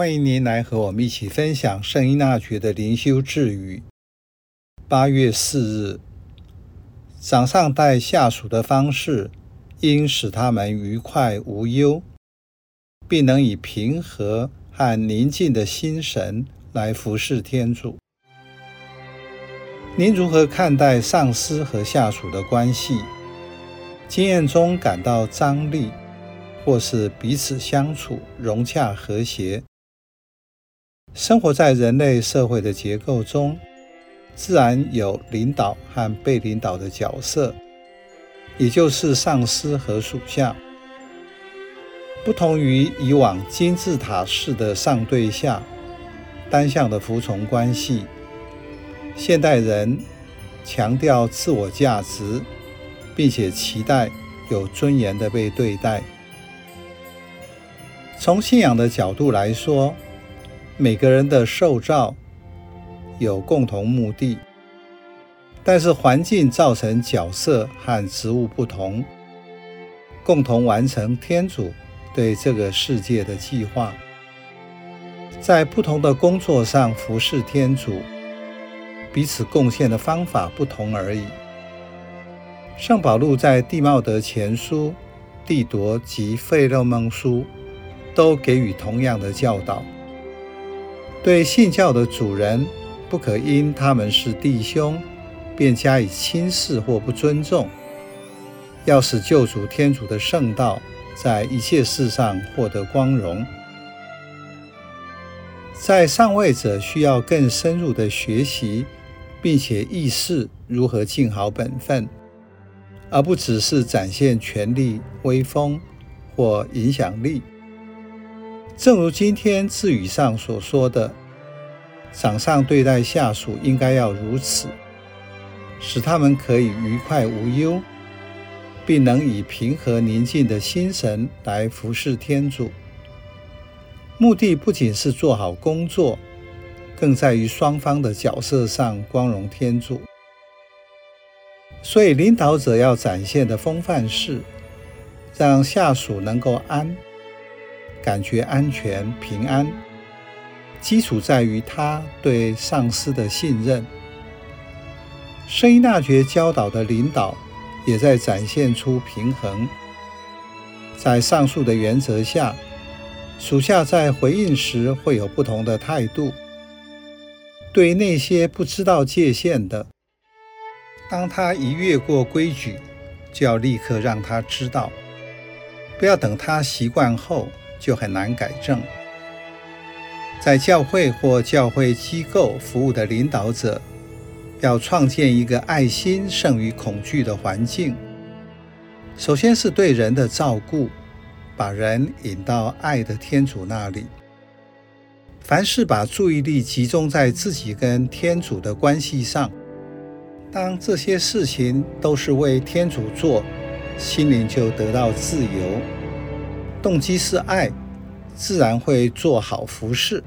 歡迎您來和我們一起分享聖依納爵的靈修智語。八月四日，長上帶下屬的方式，應使他們愉快無憂，並能以平和和寧靜的心神來服事天主。您如何看待上司和下屬的關係？經驗中感到張力，或是彼此相處融洽和諧？生活在人類社會的結構中，自然有領導和被領導的角色，也就是上司和屬下。不同於以往金字塔式的上對下，單向的服從關係，現代人強調自我價值，並且期待有尊嚴的被對待。從信仰的角度來說，每個人的受造有共同目的，但是環境造成角色和職務不同，共同完成天主對這個世界的計劃，在不同的工作上服事天主，彼此貢獻的方法不同而已。聖保祿在《弟茂德前書》、《弟鐸及費肋孟書》都給予同樣的教導。對信教的主人，不可因他們是弟兄，便加以輕視或不尊重。要使救主天主的聖道在一切事上獲得光榮。在上位者需要更深入的學習，並且意識如何盡好本分，而不只是展現權力、威風或影響力。正如今天智語上所說的，長上對待下屬應該要如此，使他們可以愉快無憂，並能以平和寧靜的心神來服侍天主。目的不僅是做好工作，更在於雙方的角色上光榮天主。所以，領導者要展現的風範是讓下屬能夠安。感覺安全、平安，基礎在於他對上司的信任。聖依納爵教導的領導也在展現出平衡。在上述的原則下，屬下在回應時會有不同的態度。對於那些不知道界限的，當他一越過規矩，就要立刻讓他知道，不要等他習慣後，就很難改正。在教會或教會機構服務的領導者，要創建一個愛心勝於恐懼的環境，首先是對人的照顧，把人引到愛的天主那裡。凡事把注意力集中在自己跟天主的關係上，當這些事情都是為天主做，心靈就得到自由。動機是愛，自然會做好服事。